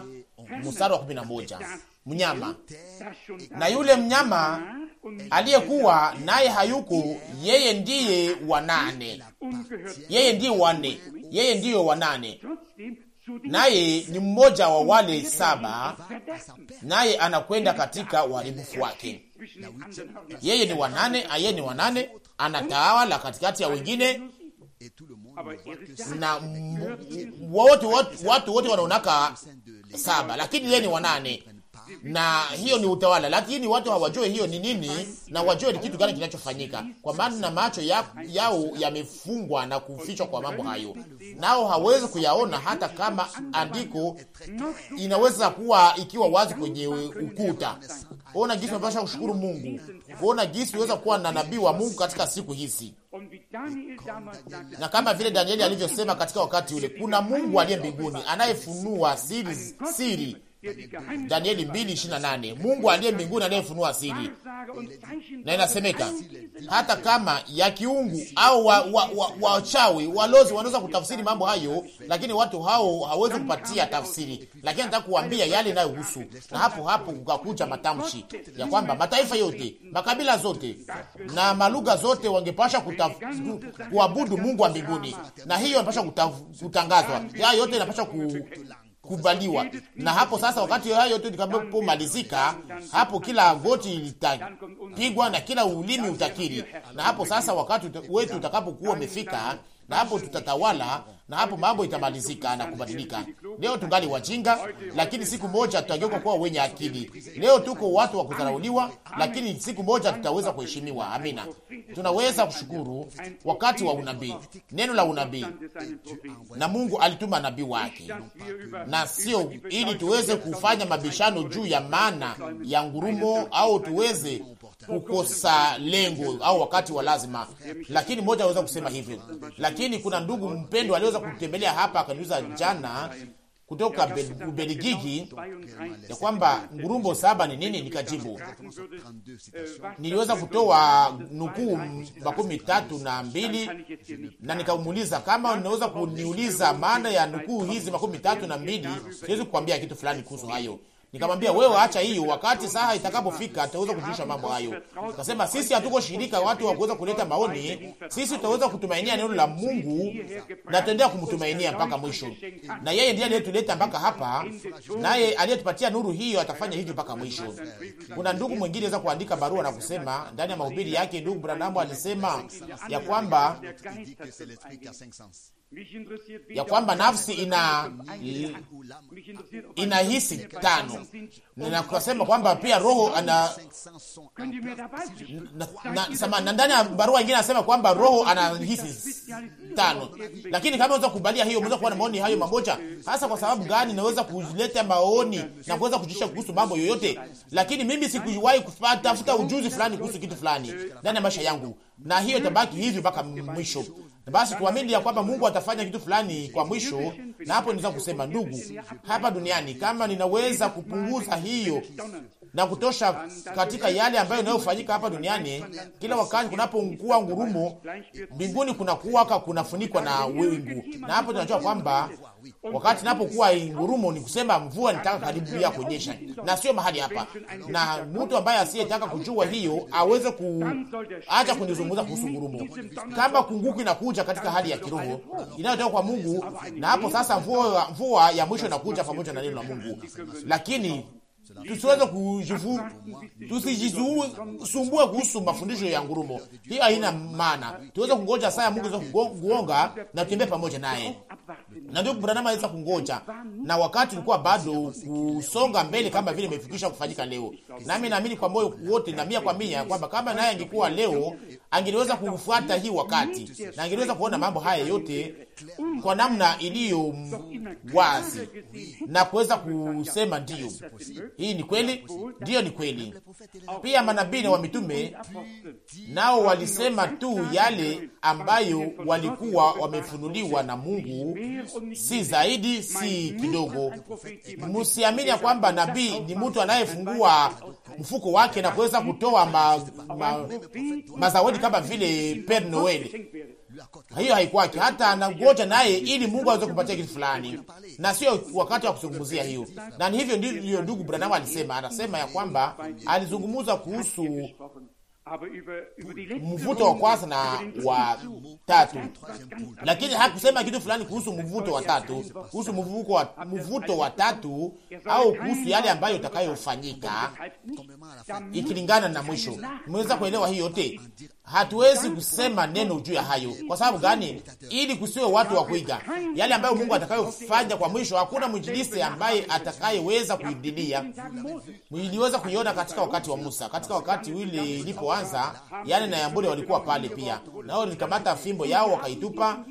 mstari wa 11 mnyama, na yule mnyama aliyekuwa naye hayuko, yeye ndiye wanane, yeye ndiye wanne, yeye ndiyo wanane, naye ni mmoja wa wale saba, naye anakwenda katika uharibifu wake. Yeye ni wanane, yeye ni wanane, anatawala katikati ya wengine na wote watu wote wanaonaka saba, lakini yeye ni wanane na hiyo ni utawala, lakini watu hawajue hiyo ni nini na wajue ni kitu gani kinachofanyika, kwa maana macho ya, yao yamefungwa na kufichwa kwa mambo hayo, nao hawezi kuyaona, hata kama andiko inaweza kuwa ikiwa wazi kwenye ukuta. Ona jinsi unapasha kushukuru Mungu, ona jinsi unaweza kuwa na nabii wa Mungu katika siku hizi, na kama vile Danieli alivyosema katika wakati ule, kuna Mungu aliye mbinguni anayefunua siri siri Danieli 2:28 Mungu aliye mbinguni anayefunua asili, na inasemeka hata kama ya kiungu au wachawi wa, wa, wa walozi wanaweza kutafsiri mambo hayo, lakini watu hao hawezi kupatia tafsiri, lakini nataka kuambia yale inayohusu na hapo hapo kukakuja matamshi ya kwamba mataifa yote, makabila zote na malugha zote wangepasha kuabudu Mungu wa mbinguni, na hiyo inapasha kutangazwa, hayo yote inapasha ku kuvaliwa. Na hapo sasa, wakati hayo yote nitakapomalizika, hapo kila goti litapigwa na kila ulimi utakiri. Na hapo sasa, wakati wetu utakapokuwa umefika na hapo tutatawala, na hapo mambo itamalizika na kubadilika. Leo tungali wajinga, lakini siku moja tutageuka kuwa wenye akili. Leo tuko watu wa kudharauliwa, lakini siku moja tutaweza kuheshimiwa. Amina. Tunaweza kushukuru wakati wa unabii, neno la unabii, na Mungu alituma nabii wake, na sio ili tuweze kufanya mabishano juu ya maana ya ngurumo au tuweze kukosa lengo au wakati wa lazima, lakini mmoja aweza kusema hivyo. Lakini kuna ndugu mpendwa aliweza kutembelea hapa akaniuza jana kutoka Ubelgiji ya kwamba ngurumbo saba ni nini, nikajibu niliweza kutoa nukuu makumi tatu na mbili na nikamuuliza kama unaweza kuniuliza maana ya nukuu hizi makumi tatu na mbili siwezi kukwambia kitu fulani kuhusu hayo Nikamwambia wewe, acha hiyo, wakati saa itakapofika tutaweza kujulisha mambo hayo. Nikasema sisi hatuko shirika watu wa kuweza kuleta maoni, sisi tutaweza kutumainia neno la Mungu na tutaendelea kumtumainia mpaka mwisho, na yeye ndiye aliyetuleta mpaka hapa, naye aliyetupatia nuru hiyo atafanya hivyo mpaka mwisho. Kuna ndugu mwingine anaweza kuandika barua na kusema ndani ya mahubiri yake, ndugu Branham alisema ya kwamba ya kwamba nafsi ina inahisi tano. Ninasema kwamba pia roho ana na ndani ya barua ingine anasema kwamba roho anahisi tano, lakini kama unaweza kukubalia hiyo, unaweza kuwa na maoni hayo mamoja. Hasa kwa sababu gani? Naweza kuleta maoni na kuweza kujisha kuhusu mambo yoyote, lakini mimi sikuwahi kutafuta ujuzi fulani kuhusu kitu fulani ndani ya maisha yangu, na hiyo itabaki hivyo mpaka mwisho basi tuamini ya kwamba Mungu atafanya kitu fulani kwa mwisho. Na hapo inaweza kusema ndugu, hapa duniani kama ninaweza kupunguza hiyo na kutosha katika yale ambayo inayofanyika hapa duniani, kila wakati kunapokuwa ngurumo mbinguni, kunakuwaka kunafunikwa na wingu, na hapo tunajua kwamba Wakati napokuwa ngurumo ni kusema mvua nitaka ya kuonyesha, na sio mahali hapa. Na mtu ambaye asiyetaka kujua hiyo aweze kuacha kunizungumza kuhusu ngurumo. Kama kunguku inakuja katika hali ya kiroho inayotoka kwa Mungu, na hapo sasa mvua, mvua ya mwisho inakuja pamoja na neno la Mungu, lakini tusiweze tusijisumbue kuhusu mafundisho ya ngurumo, hiyo haina maana. Tuweze kungoja saa ya Mungu za kuonga na tutembee pamoja naye, na ndio Branham aweza kungoja, na wakati ulikuwa bado kusonga mbele kama vile imefikisha kufanyika leo. Nami naamini kwa moyo wote na mia kwa mia kwamba kama naye angekuwa leo angeliweza kufuata hii wakati na angeliweza kuona mambo haya yote kwa namna iliyo wazi na kuweza kusema ndiyo, hii ni kweli, ndiyo ni kweli. Pia manabii na wamitume nao walisema tu yale ambayo walikuwa wamefunuliwa na Mungu, si zaidi si kidogo. Musiamini ya kwamba nabii ni mtu anayefungua mfuko wake na kuweza kutoa mazawedi ma, ma, kama vile Père Noel hiyo haikwake, hata anakuota naye ili Mungu aweze kupatia kitu fulani, na sio wakati wa kuzungumzia hiyo. Na ni hivyo ndivyo ndugu Branham alisema, anasema ya kwamba alizungumza kuhusu mvuto wa kwanza na wa tatu, lakini hakusema kitu fulani kuhusu mvuto wa tatu, kuhusu mvuko wa mvuto wa tatu, au kuhusu yale ambayo itakayofanyika ikilingana na mwisho. Mmeweza kuelewa hiyo yote? hatuwezi kusema neno juu ya hayo. Kwa sababu gani? Ili kusiwe watu wa kuiga yale ambayo Mungu atakayofanya kwa mwisho. Hakuna mwinjilisi ambaye atakayeweza kuidilia. iliweza kuiona katika wakati wa Musa, katika wakati ule ilipoanza, yani na Yambure walikuwa pale pia, nao walikamata fimbo yao wakaitupa,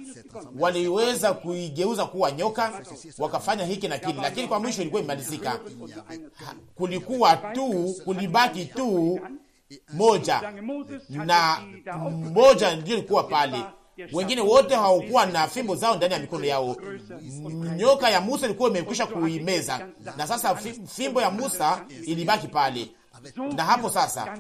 waliweza kuigeuza kuwa nyoka, wakafanya hiki na kile, lakini kwa mwisho ilikuwa imalizika. Kulikuwa tu kulibaki tu moja na moja ndio ilikuwa pale, wengine wote hawakuwa na fimbo zao ndani ya mikono yao. Nyoka ya Musa ilikuwa imekwisha kuimeza, na sasa fimbo ya Musa ilibaki pale na hapo sasa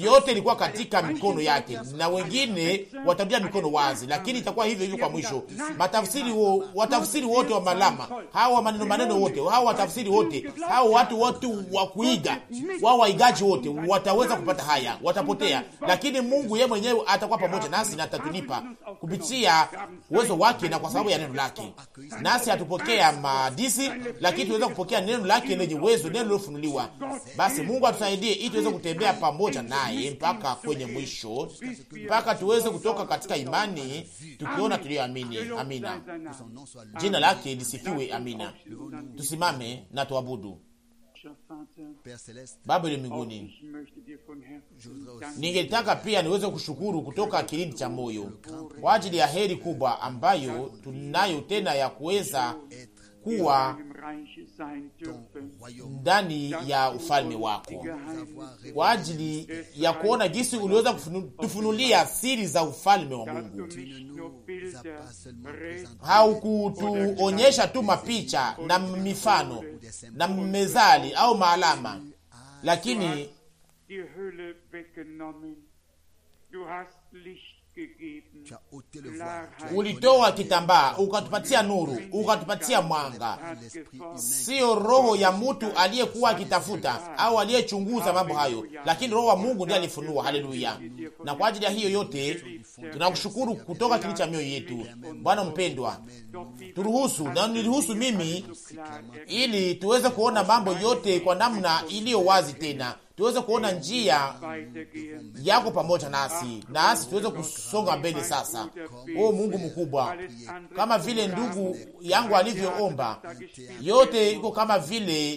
yote ilikuwa katika mikono yake, na wengine watarudia mikono wazi, lakini itakuwa hivyo hivyo kwa mwisho. Matafsiri wo, watafsiri wote wa malama hawa, maneno maneno wote hawa, watafsiri wote hawa, watu wote wa kuiga wao, waigaji wote wataweza kupata haya, watapotea, lakini Mungu yeye mwenyewe atakuwa pamoja nasi na atatunipa kupitia uwezo wake na kwa sababu ya neno lake. Nasi hatupokea madisi, lakini tunaweza kupokea neno lake lenye uwezo, neno lilofunuliwa. Basi Mungu Mungu atusaidie ili tuweze kutembea pamoja naye mpaka kwenye mwisho, mpaka tuweze kutoka katika imani tukiona tuliyoamini. Amina, jina lake lisifiwe. Amina. Tusimame na tuabudu. Baba ile mbinguni, ningetaka pia niweze kushukuru kutoka kilindi cha moyo kwa ajili ya heri kubwa ambayo tunayo tena ya kuweza kuwa ndani ya ufalme wako, kwa ajili ya kuona jinsi uliweza kutufunulia siri za ufalme wa Mungu. Haukutuonyesha tu mapicha na mifano na mezali au maalama, lakini ulitoa kitambaa ukatupatia nuru, ukatupatia mwanga, sio roho ya mtu aliyekuwa akitafuta au aliyechunguza mambo hayo, lakini roho wa Mungu ndiye alifunua. Haleluya! Na kwa ajili ya hiyo yote tunakushukuru kutoka kili cha mioyo yetu. Bwana mpendwa, turuhusu na niruhusu mimi, ili tuweze kuona mambo yote kwa namna iliyo wazi tena tuweze kuona njia yako pamoja nasi, nasi tuweze kusonga mbele sasa, o Mungu mkubwa, kama vile ndugu yangu alivyoomba. Yote iko kama vile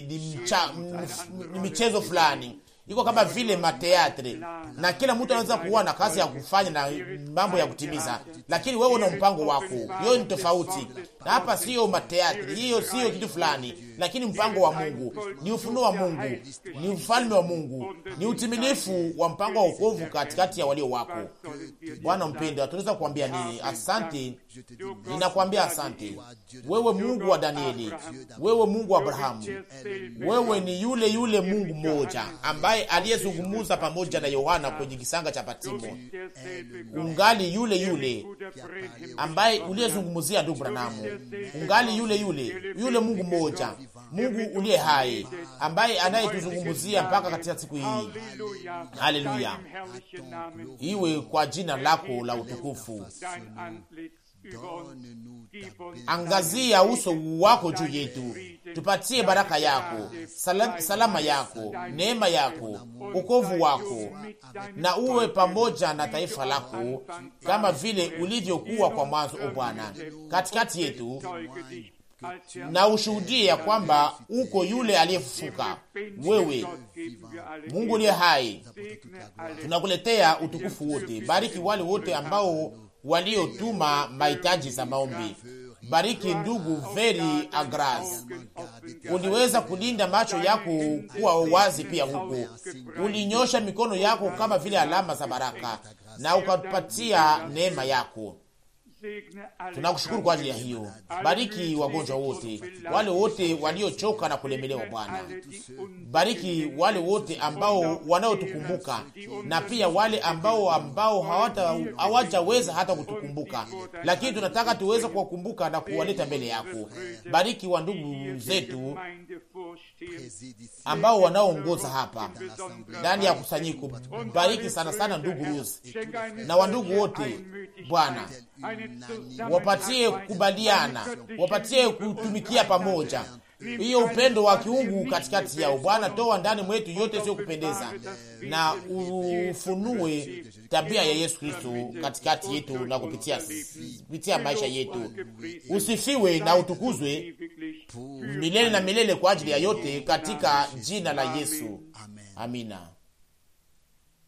ni michezo fulani, iko kama vile mateatre, na kila mtu anaweza kuwa na kazi ya kufanya na mambo ya kutimiza, lakini wewe una mpango wako. Hiyo ni tofauti, na hapa siyo mateatre, hiyo siyo kitu fulani lakini mpango wa Mungu ni ufunuo wa Mungu, ni ufalme wa Mungu, ni utimilifu wa mpango wa wokovu katikati ya walio wako. Bwana mpendwa, tunaweza kuambia nini? Asante, ninakwambia asante. Wewe Mungu wa Danieli, wewe Mungu wa Abrahamu, wewe ni yule yule Mungu mmoja ambaye aliyezungumuza pamoja na Yohana kwenye kisanga cha Patimo. Ungali yule yule ambaye uliyezungumzia ndugu Branamu, ungali yule yule yule Mungu mmoja Mungu uliye hai ambaye anayetuzungumzia mpaka katika siku hii. Haleluya, iwe kwa jina lako la utukufu. Angazia uso wako juu yetu, tupatie baraka yako, salama yako, neema yako, ukovu wako, na uwe pamoja na taifa lako kama vile ulivyokuwa kwa mwanzo, o Bwana, katikati yetu na ya kwamba uko yule aliyefufuka. Wewe Mungu uliye hai, tunakuletea utukufu wote. Bariki wale wote ambao waliotuma mahitaji za maombi. Bariki ndugu Veri Agras, uliweza kulinda macho yako kuwa wazi pia huko, ulinyosha mikono yako kama vile alama za baraka, na ukapatia neema yako Tunakushukuru kwa ajili ya hiyo. Bariki wagonjwa wote, wale wote waliochoka na kulemelewa, Bwana. Bariki wale wote ambao wanaotukumbuka na pia wale ambao ambao hawajaweza hata kutukumbuka, lakini tunataka tuweze kuwakumbuka na kuwaleta mbele yako. Bariki wa ndugu zetu ambao wanaoongoza hapa ndani ya kusanyiko. Bariki sana sana ndugu Ruz na wandugu wote, Bwana wapatie kubaliana, wapatie kutumikia pamoja hiyo upendo wa kiungu katikati yao. Bwana, toa ndani mwetu yote sio kupendeza, na ufunue tabia ya Yesu Kristo katikati yetu na kupitia kupitia maisha yetu. Usifiwe na utukuzwe milele na milele kwa ajili ya yote katika jina la Yesu. Amina.